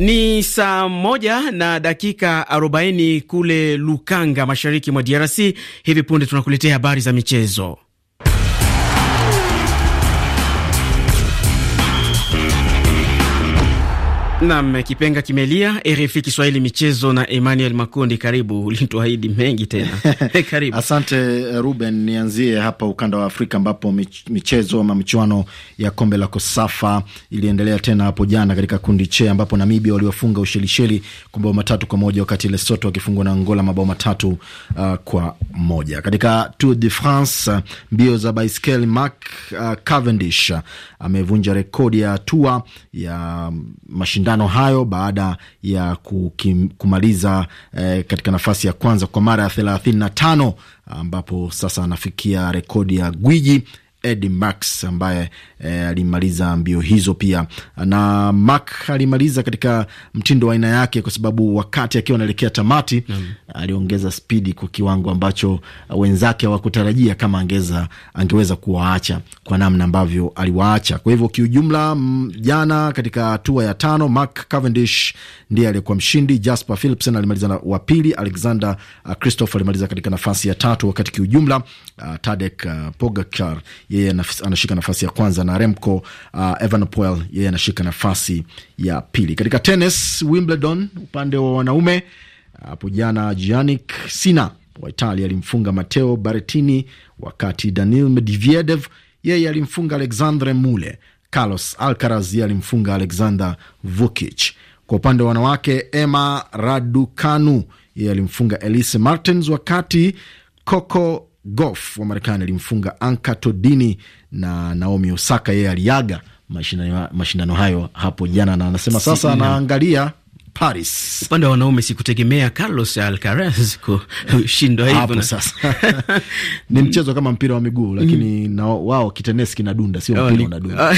Ni saa moja na dakika arobaini kule Lukanga, mashariki mwa DRC. Hivi punde tunakuletea habari za michezo. Nam kipenga kimelia. RFI Kiswahili michezo na Emmanuel Makundi, karibu. Ulituahidi mengi tena karibu. Asante eh, Ruben, nianzie hapa ukanda wa Afrika ambapo michezo ama michuano ya kombe la Kosafa iliendelea tena hapo jana katika kundi che, ambapo Namibia waliofunga Ushelisheli kwa mabao matatu kwa moja wakati Lesoto wakifungwa na Angola mabao matatu uh, kwa moja. Katika Tour de France uh, mbio za baiskeli Mark uh, Cavendish amevunja uh, rekodi ya hatua ya mm, mashindano mashindano hayo baada ya kukim, kumaliza eh, katika nafasi ya kwanza kwa mara ya thelathini na tano ambapo sasa anafikia rekodi ya gwiji Edi Max ambaye eh, alimaliza mbio hizo pia. Na Mark alimaliza katika mtindo wa aina yake, kwa sababu wakati akiwa anaelekea tamati mm, aliongeza spidi kwa kiwango ambacho wenzake hawakutarajia kama angeza, angeweza kuwaacha kwa namna ambavyo aliwaacha. Kwa hivyo kiujumla, jana katika hatua ya tano, Mark Cavendish ndiye aliyekuwa mshindi. Jasper Philipsen alimaliza wa pili, Alexander Kristoff uh, alimaliza katika nafasi ya tatu, wakati kiujumla uh, Tadek uh, Pogacar yeye anashika nafasi ya kwanza na Remco uh, Evenepoel yeye anashika nafasi ya pili. Katika tenis, Wimbledon upande wa wanaume hapo uh, jana Jannik Sinner wa Italia alimfunga Matteo Berrettini, wakati Daniil Medvedev yeye alimfunga Alexandre Mule. Carlos Alcaraz yeye alimfunga Alexander Vukic. Kwa upande wa wanawake, Emma Raducanu yeye alimfunga Elise martins wakati Coco golf wa Marekani alimfunga Anka Todini na Naomi Osaka, yeye aliaga mashindano hayo hapo jana, na anasema sasa anaangalia Paris. Upande wa wanaume sikutegemea Carlos Alcaraz kushindwa hivyo na sasa. Ni mchezo kama mpira wa miguu lakini mm. na wao kitenesi kinadunda sio oh, mpira unadunda.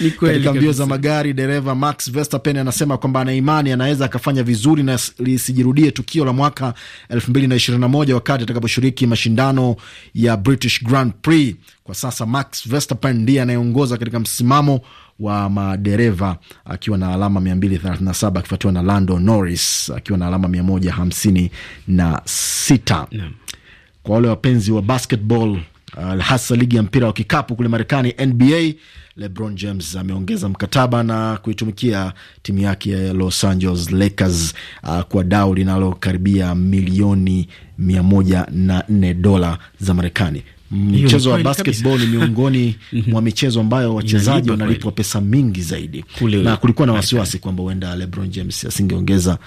Ni kweli. Katika mbio za magari dereva Max Verstappen anasema kwamba ana imani anaweza akafanya vizuri na lisijirudie tukio la mwaka 2021 wakati atakaposhiriki mashindano ya British Grand Prix. Kwa sasa Max Verstappen ndiye anayeongoza katika msimamo wa madereva akiwa na alama 237 akifuatiwa na Lando Norris akiwa na alama 156. Kwa wale wapenzi wa basketball Uh, hasa ligi ya mpira wa kikapu kule Marekani NBA, LeBron James ameongeza mkataba na kuitumikia timu yake ya Los Angeles Lakers uh, kwa dau linalokaribia milioni mia moja na nne dola za Marekani. Mm. Mchezo wa basketball ni miongoni mm-hmm. mwa michezo ambayo wachezaji wanalipwa pesa mingi zaidi Kule, na kulikuwa na wasiwasi kwamba huenda LeBron James asingeongeza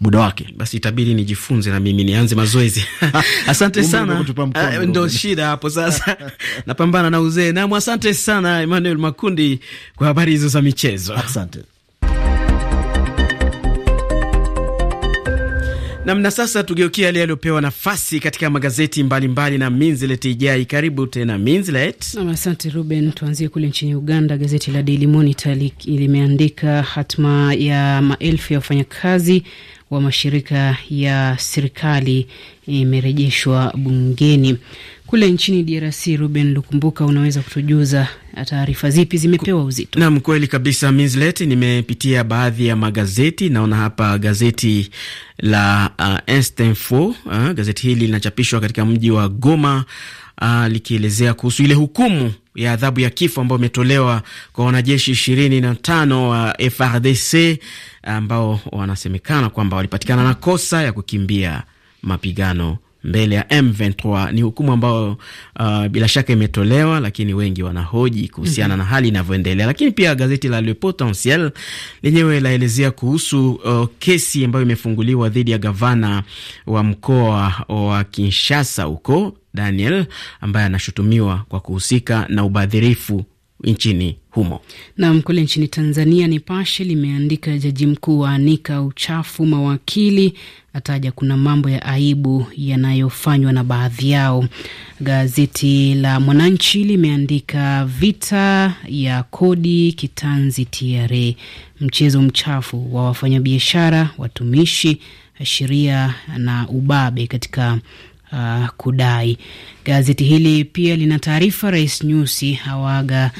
muda wake. Basi itabidi nijifunze na mimi nianze mazoezi asante sana, ah, ndo shida hapo sasa napambana na uzee nam. Asante sana Emmanuel Makundi kwa habari hizo za michezo, asante. Namna sasa, tugeukia yale yaliyopewa nafasi katika magazeti mbalimbali mbali na Minzilet Ijai. Karibu tena Minzilet. Asante Ruben, tuanzie kule nchini Uganda. Gazeti la Daily Monitor limeandika hatma ya maelfu ya wafanyakazi wa mashirika ya serikali imerejeshwa bungeni. Kule nchini DRC, Ruben Lukumbuka, unaweza kutujuza uh, taarifa zipi zimepewa uzito? Naam, kweli kabisa Mislet, nimepitia baadhi ya magazeti. Naona hapa gazeti la uh, Instinfo uh, gazeti hili linachapishwa katika mji wa Goma uh, likielezea kuhusu ile hukumu ya adhabu ya kifo ambayo imetolewa kwa wanajeshi ishirini na tano wa FRDC ambao wanasemekana kwamba walipatikana na kosa ya kukimbia mapigano mbele ya M23. Ni hukumu ambayo uh, bila shaka imetolewa, lakini wengi wanahoji kuhusiana mm -hmm. na hali inavyoendelea. Lakini pia gazeti la Le Potentiel lenyewe laelezea kuhusu uh, kesi ambayo imefunguliwa dhidi ya gavana wa mkoa wa Kinshasa huko Daniel ambaye anashutumiwa kwa kuhusika na ubadhirifu nchini humo. Nam, kule nchini Tanzania, Nipashe limeandika jaji mkuu waanika uchafu mawakili, ataja kuna mambo ya aibu yanayofanywa na baadhi yao. Gazeti la Mwananchi limeandika vita ya kodi kitanzi TRA, mchezo mchafu wa wafanyabiashara, watumishi, sheria na ubabe katika uh, kudai. Gazeti hili pia lina taarifa, Rais Nyusi wa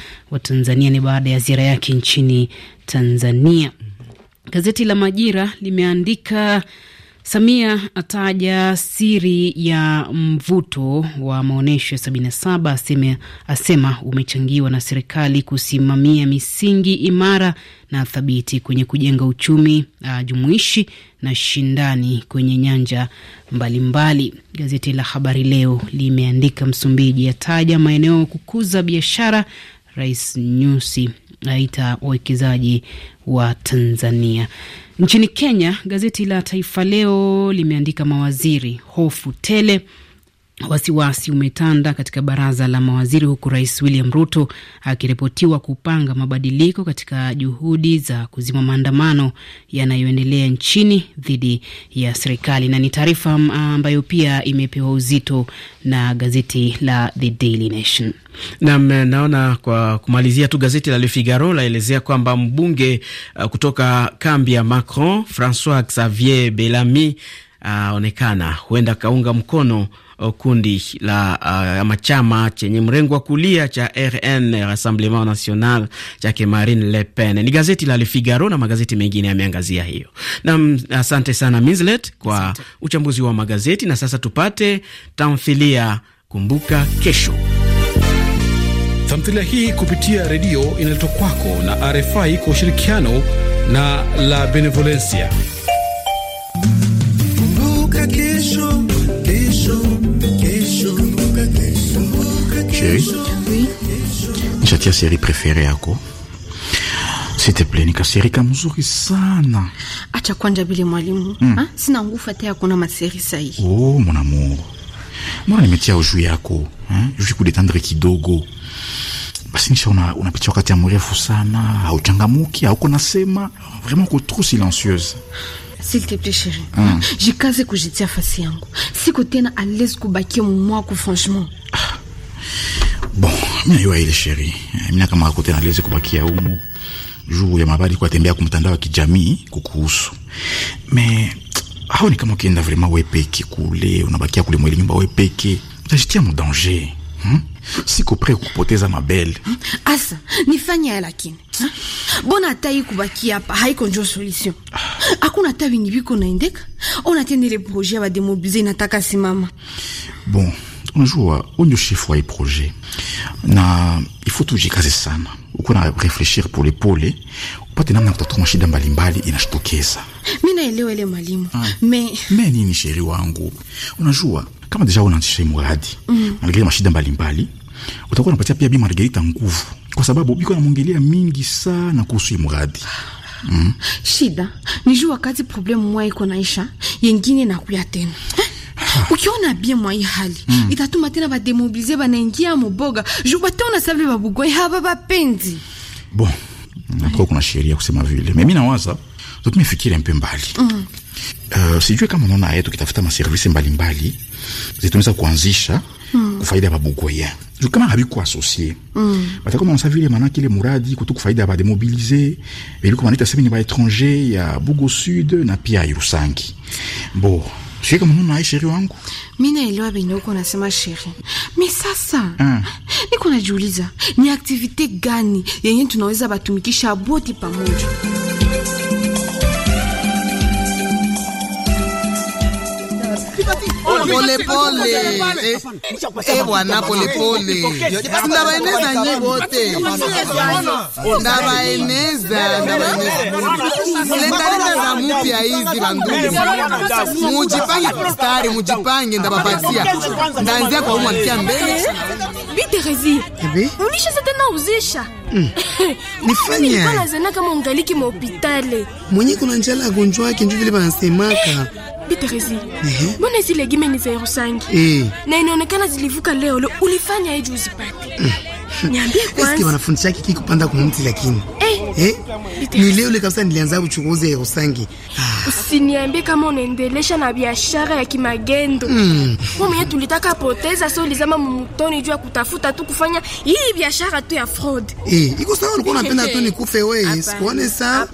tanzania ni baada ya ziara yake nchini Tanzania. Gazeti la Majira limeandika Samia ataja siri ya mvuto wa maonyesho ya 77 asema, asema umechangiwa na serikali kusimamia misingi imara na thabiti kwenye kujenga uchumi uh, jumuishi na shindani kwenye nyanja mbalimbali mbali. Gazeti la Habari Leo limeandika Msumbiji ataja maeneo kukuza biashara. Rais Nyusi aita wawekezaji wa Tanzania. Nchini Kenya, gazeti la Taifa Leo limeandika mawaziri hofu tele Wasiwasi umetanda katika baraza la mawaziri huku rais William Ruto akiripotiwa kupanga mabadiliko katika juhudi za kuzima maandamano yanayoendelea nchini dhidi ya serikali, na ni taarifa um, ambayo pia imepewa uzito na gazeti la The Daily Nation. Nam, naona kwa kumalizia tu gazeti la Le Figaro laelezea kwamba mbunge uh, kutoka kambi ya Macron Francois Xavier Bellamy uh, aonekana uh, huenda akaunga mkono Uh, kundi la uh, ama chama chenye mrengo wa kulia cha RN Rassemblement National chake Marine Le Pen. Ni gazeti la Le Figaro na magazeti mengine yameangazia hiyo. Nam, asante sana Minslet kwa uchambuzi wa magazeti, na sasa tupate tamthilia Kumbuka Kesho. Tamthilia hii kupitia redio inaletwa kwako na RFI kwa ushirikiano na La Benevolencia. Kumbuka Kesho. Chérie Oui. Nishatia série préférée yako siteple nikasirika mzuri sana. Acha kwanja vile mwalimu mm. Ha? Ah, sina nguvu hata ya kuona maseri sahi. Oh, mon amour. Mbona nimetia uju yako eh? Uju kudetendre kidogo basi, nisha una, unapitia wakati ya mrefu sana, hauchangamuki, hauko nasema vraiment ko trop silencieuse. S'il te plaît chérie, mm. Jikaze kujitia fasi yangu, siko tena à l'aise kubakia mumu franchement Bon, mimi naiwa ile sheri. Eh, mimi kama kote naliweze kubakia humu juu ya mabari kwa kumtandao wa kijamii kukuhusu. Me hao ni kama ukienda vraiment wewe kule, unabakia kule mwili nyumba wewe utajitia mu Hmm? Siko pre kupoteza mabele. Hmm? Asa, nifanye haya lakini. Hmm? Bona hata hii kubaki hapa haiko njo solution. Ah. Hakuna hata viniviko naendeka. Ona tena ya demobiliser inataka simama. Bon, unajua huu ndio shefu wa hii projet, na ifo tujikaze sana, uko na refleshir polepole upate namna kutatua mashida mbalimbali inashitokeza. Mi naelewa ile mwalimu ah. me me nini, sheri wangu, unajua kama deja unaanzisha mradi mm. Margarita mashida mbalimbali utakuwa unapatia pia bi Margarita nguvu, kwa sababu biko namwongelea mingi sana kuhusu hii mradi mm. Shida nijua wakati problemu mwa iko naisha yengine nakuya tena ukiona bie mwa hii hali mm. itatuma tena bademobilize banaingia muboga juu bataona sabe babugwai haba bapenzi bon nako kuna sheria kusema vile mimi nawaza tutumie fikiri mpe mbali mm. Uh, sijue kama naona yetu kitafuta maservisi mbalimbali zitunaweza kuanzisha mm. kufaida ya babugoyen juu kama habiko asosie mm. batakuwa manasa vile manake ile muradi kutu kufaida ya bademobilize biliko manita semini ba étranger ya Bugo Sud na pia ya Irusangi bo sheri manao nahay sheri wangu, mi naelewa venye uko nasema sheri, mi sasa hmm, niko najiuliza ni aktivite gani yenye tunaweza batumikisha boti pamoja polepole eh, eh, bwana, polepole ndabaeneza nyi bote, ndabaeneza lengalenda za mupya hizi. Bandungu, mujipange stari, mujipange, ndabapatia ndaanzia kwa umwa mkia mbele Biterezi, unisha sasa tena uzisha mm. nifanye kama ungaliki mwa hospitali mwenye kuna njala agonjwa yake, ndio vile banasemaka eh. Biterezi, mhm. mbona zile gime ni za Yerusangi eh, na inaonekana zilivuka leo leo, ulifanya eji uzipate? Eh. Niambie kwanza, wanafundisha kiki kupanda kwa mti lakini eh eh, ni leo kabisa nilianza uchunguzi ya Rusangi. Ah. Usiniambie kama unaendelesha na biashara ya kimagendo. Mm. Mimi tulitaka poteza so lizama mtoni juu ya kutafuta tu kufanya hii biashara tu ya fraud. Eh, iko sawa ulikuwa unapenda tu nikufe wewe. Sikuone saa.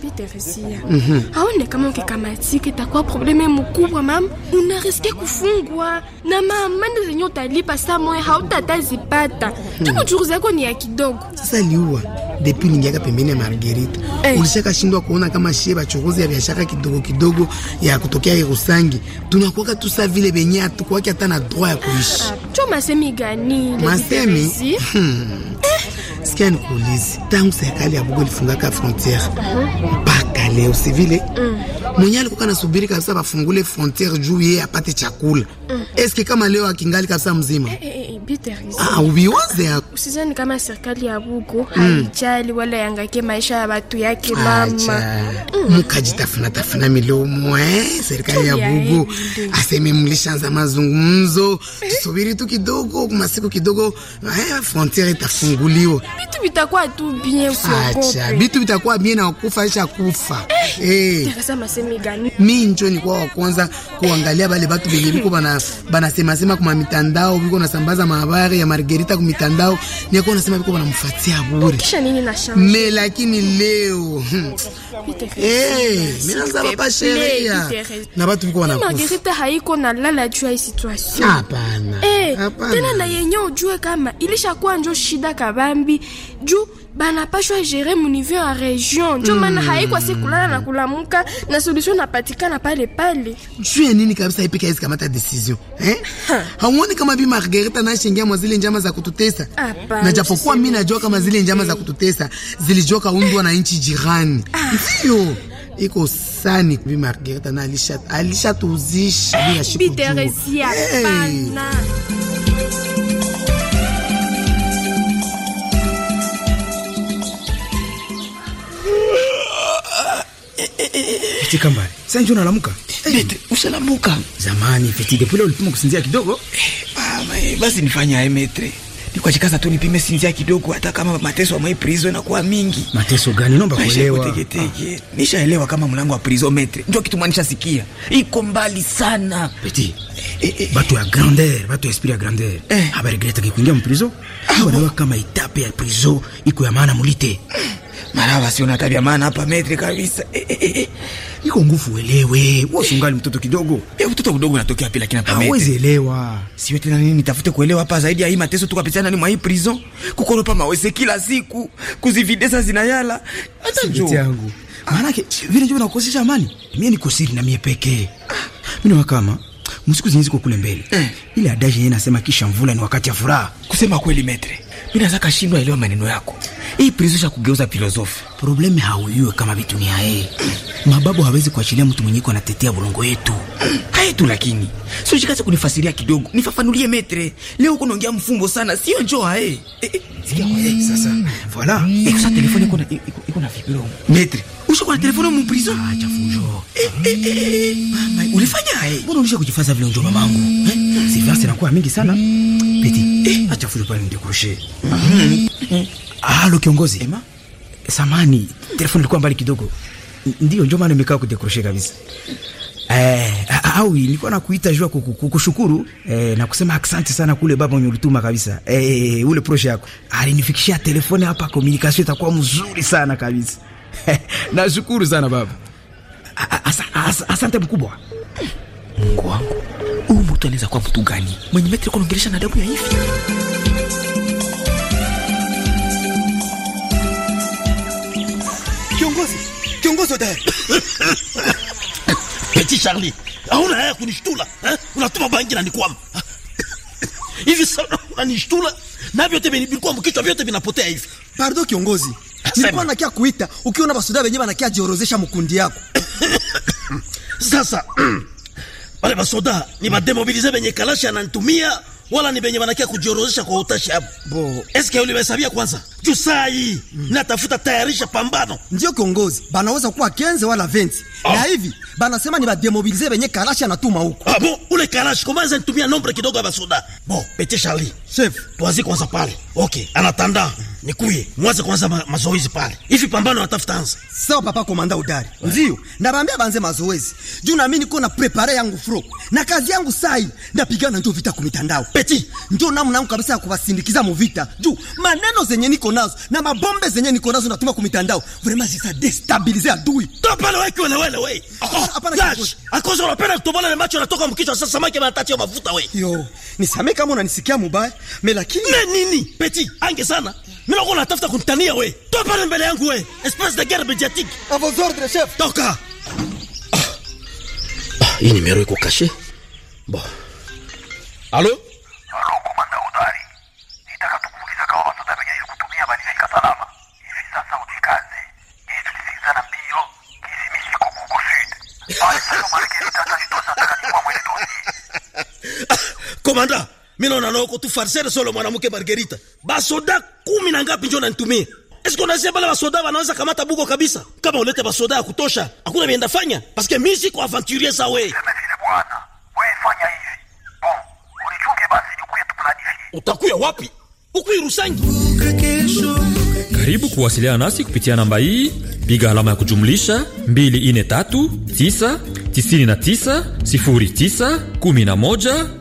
Mhm. Haone kama ukikamatike itakuwa probleme mkubwa mama. unariske kufungwa na mama ndio zenyewe utalipa saa moja hautatazipata. Mm. Tuko chunguzi yako ni ya kidogo. Sasa liua. Depuis ningiaka pembeni ya Marge Margarita hey. Eh. Ulishaka shindwa kuona kama shie bachokozi ya biashara kidogo kidogo ya kutokea Yerusangi tunakuwaka tu saa vile benye hatukuwaki hata na droit ya kuishi cho ah, masemi gani masemi hmm. eh. Sikia nikuulizi tangu serikali ya Bugo ilifungaka frontiere mpaka uh-huh kaleo si vile mm. alikuwa anasubiri kabisa bafungule frontiere juu yeye apate chakula mm. eske kama leo akingali kabisa mzima eh, eh, eh, bita, ah, usizani kama serikali ya bugo mm. haijali wala yangake maisha ya watu yake mama mm. mukajitafuna tafuna milomo eh? serikali ya bugo aseme mlishanza mazungumzo eh? tusubiri tu kidogo masiku kidogo eh, frontiere itafunguliwa bitu bitakuwa tu bien usiogope bitu bitakuwa bien na kufa isha kufa hey. Eh, eh. hey. Mi njo nikuwa wa kwanza kuangalia bale batu venye biko banasemasema kuma mitandao biko nasambaza mahabari ya Margarita kumitandao, nikuwa nasema biko banamfatia bure me, lakini leo hmm. eh, mi nazaba pa sheria na batu biko Margarita haiko na lala juu ya situation. Hapana. Hey, tena na yenye ujue kama ilishakuwa njo shida kabambi juu banapashwa gere munivio ya region njo maana mm. haikwa si kulala na kulamuka na solution napatikana pale pale juu ya nini kabisa ipika hizi kamata decision eh? hauoni kama bi Margarita shingia mwa zile njama za kututesa na japokuwa mimi najua kama zile njama za kututesa zilijoka undwa na nchi jirani ah. ndio iko sani bi Margarita na alisha alisha bila shiku Teresia hey. Piti kambari. Sasa njoo unalamuka. Hey. Bete, usalamuka. Zamani piti Fiti Depule ulipima kusinzia kidogo? Eh, mama, eh, basi nifanye aye metre. Nikwachikaza tu nipime sinzia kidogo hata kama mateso ya prizo na kuwa mingi. Mateso gani naomba kuelewa? Tegetege. Ah. elewa kama mlango wa prizo metre. Njoo kitu manisha sikia. Iko mbali sana. Beti. Eh, eh, eh, batu ya grandeur, batu ya esprit ya grandeur. Eh. Habari greta kikuingia mprison? Ah, kama itape ya prizo, iko ya maana mulite. Eh. Maraba, basi una tabia maana hapa metri kabisa. E, e, e. Iko nguvu uelewe. Wewe ungali mtoto kidogo. Eh, mtoto mdogo unatokea pia lakini hapa metri. Hawezi elewa. Siwe tena nini nitafute kuelewa hapa zaidi ya hii mateso tukapitana ni mwai prison. Kukoropa mawese kila siku, kuzividesa zinayala. Hata njoo. yangu. Ah. Maana yake vile njoo nakosesha amani. Mimi niko siri na mie pekee. Mimi ni kama msiku kwa kule mbele. Eh. Ile adaje yeye nasema kisha mvula ni wakati ya furaha. Kusema kweli metre. Mimi nataka shindwa elewa maneno yako. Hii prison sha kugeuza filosofi. Problemu hauyue kama vitu ni hae. Mababu hawezi kuachilia mtu mwenye anatetea bulongo yetu. Hae tu lakini. Sio shikaza kunifasiria kidogo. Nifafanulie metre. Leo uko naongea mfumbo sana. Sio njoo hae. Eh, eh, sikia kwa eh, sasa. Voilà. Iko telefoni iko na Metre. Usha kwa telefoni mu prison. Ah, eh, Mama, ulifanya hae. Mbona ulisha kujifasa vile njoo mamangu? Eh? Sifa sinakuwa mingi sana. Peti eh, acha fujo pale ndikurushe. mm -hmm. Halo kiongozi. Ema? Samani, telefoni ilikuwa mbali kidogo. Ndio njoo maana nimekaa kudekurushe kabisa. Eh, au nilikuwa nakuita jua kukushukuru eh, na kusema asante sana kule baba unyulituma kabisa. Eh, eh, eh ule proje yako. Alinifikishia telefoni hapa, communication itakuwa mzuri sana kabisa. Nashukuru sana baba. Asante mkubwa. Mungu wangu, huyu mtu anaweza kuwa mtu gani mwenye metri kunaongelesha na adabu ya hivi? Kiongozi, kiongozi hodari Petit Charlie, hauna haya kunishtula eh? Unatuma bangi na nikwama hivi sana, unanishtula na vyote vilikuwa mkichwa, vyote vinapotea hivi. Pardon kiongozi, nilikuwa nakia kuita ukiona basoda wenyewe wanakia jiorozesha mkundi yako sasa wale basoda ni bademobilize benye kalashi ananitumia wala ni benye wanakia kujiorozesha kwa utashi hapo. Bo, eske ulibesabia kwanza? Juu mm, natafuta tayarisha pambano. Ndiyo kiongozi, banaweza kuwa kenze wala venti. Ah. Na hivi banasema ni bademobilize benye kalashi anatuma huko. Ah, bo, ule kalashi komanza nitumia nombre kidogo ya basoda. Bo, pete Charlie. Chef, Tuwazi kwanza pale. Okay, anatanda nikuye mwanze kwanza ma mazoezi pale, hivi pambano atafutanza sawa. Papa komanda udari ndio ndabaambia banze mazoezi juu nami niko na prepare yangu fro na kazi yangu sai ndapigana njoo vita kumitandao peti, njoo namna nangu kabisa ya kuwasindikiza mu vita juu maneno zenye niko nazo na mabombe zenye niko nazo natuma kumitandao vraiment zisa destabilize adui to pale wewe kiwele wele wewe hapana gash akozo unapenda kutobola le macho natoka mkicho Sasa samaki anatachia mafuta wewe, yo nisamee kama unanisikia mubaya me, lakini me nini petit ange sana mimi nakuwa natafuta kunitania we toa pale mbele yangu we espèce de guerre médiatique à vos ordres chef toka ah. ah, hii nimero iko kashe bon alo alo ah, komanda mimi naona tu farsere solo mwanamke Margarita. Basoda kumi na ngapi njo nanitumie? Eske unasema bale basoda wanaweza kamata buko kabisa? Kama ulete basoda ya kutosha, hakuna mienda fanya Paske que mimi siko aventurier za we. wewe. Bwana, we fanya hivi. Bon, unichunge basi ukuye planifi. Utakuya wapi? Huko Rusangi. Karibu kuwasiliana nasi kupitia namba hii, piga alama ya kujumlisha 243 999 09 11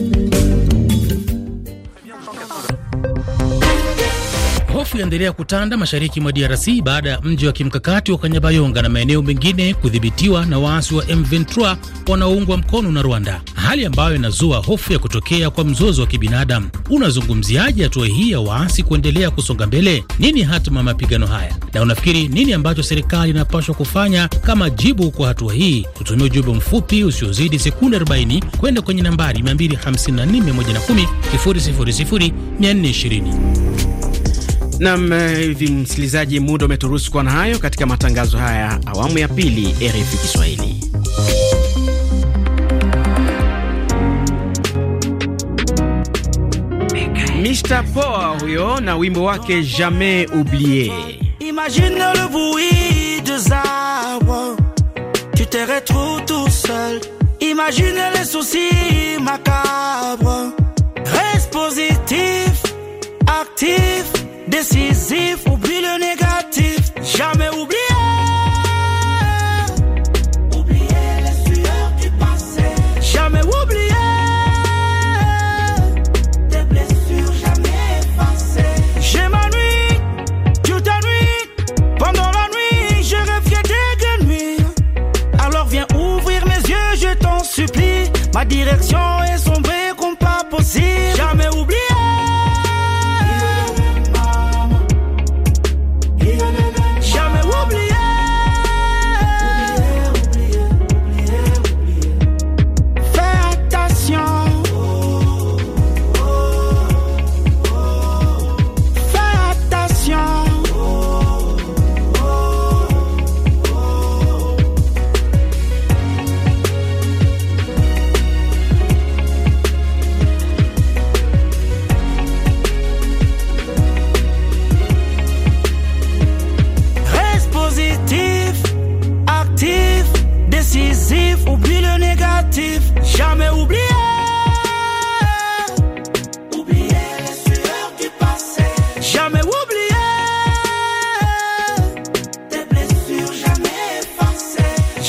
hofu yaendelea kutanda mashariki mwa DRC baada ya mji wa kimkakati wa Kanyabayonga na maeneo mengine kudhibitiwa na waasi wa M23 wanaoungwa mkono na Rwanda, hali ambayo inazua hofu ya kutokea kwa mzozo wa kibinadamu. Unazungumziaje hatua hii ya waasi kuendelea kusonga mbele? Nini hatima ya mapigano haya, na unafikiri nini ambacho serikali inapaswa kufanya kama jibu kwa hatua hii? kutumia ujumbe mfupi usiozidi sekunde 40 kwenda kwenye nambari 254110000420. Nam eh, hivi msikilizaji, muda umeturuhusu kuwa na hayo katika matangazo haya awamu ya pili RFI Kiswahili. Mr. Poa huyo na wimbo wake Jamais ublie Imagine le tu te retrouves tout seul. Imagine les soucis macabres, reste positif, actif décisif, oublie le négatif, jamais oublie.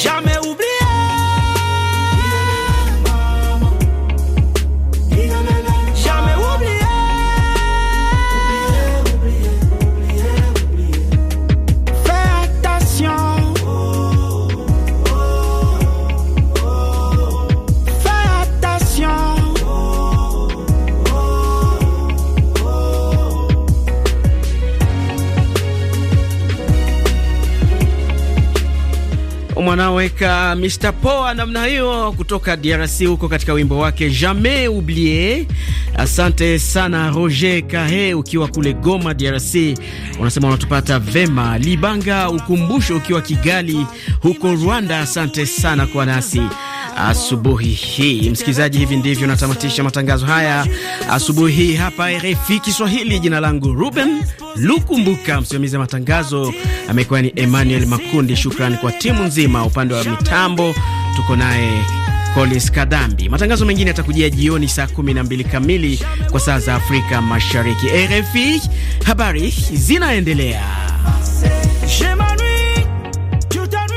Jamais Afrika Mr Poa namna hiyo kutoka DRC huko katika wimbo wake Jamais Oublier. Asante sana Roger Kahe ukiwa kule Goma DRC, unasema unatupata vema. Libanga Ukumbusho ukiwa Kigali huko Rwanda, asante sana kwa nasi asubuhi hii. Msikilizaji, hivi ndivyo natamatisha matangazo haya asubuhi hii hapa RFI Kiswahili. Jina langu Ruben Lukumbuka, msimamizi wa matangazo amekuwa ni Emmanuel Makundi. Shukrani kwa timu nzima, upande wa mitambo tuko naye Collins Kadambi. Matangazo mengine yatakujia jioni saa 12 kamili kwa saa za Afrika Mashariki. RFI habari zinaendelea.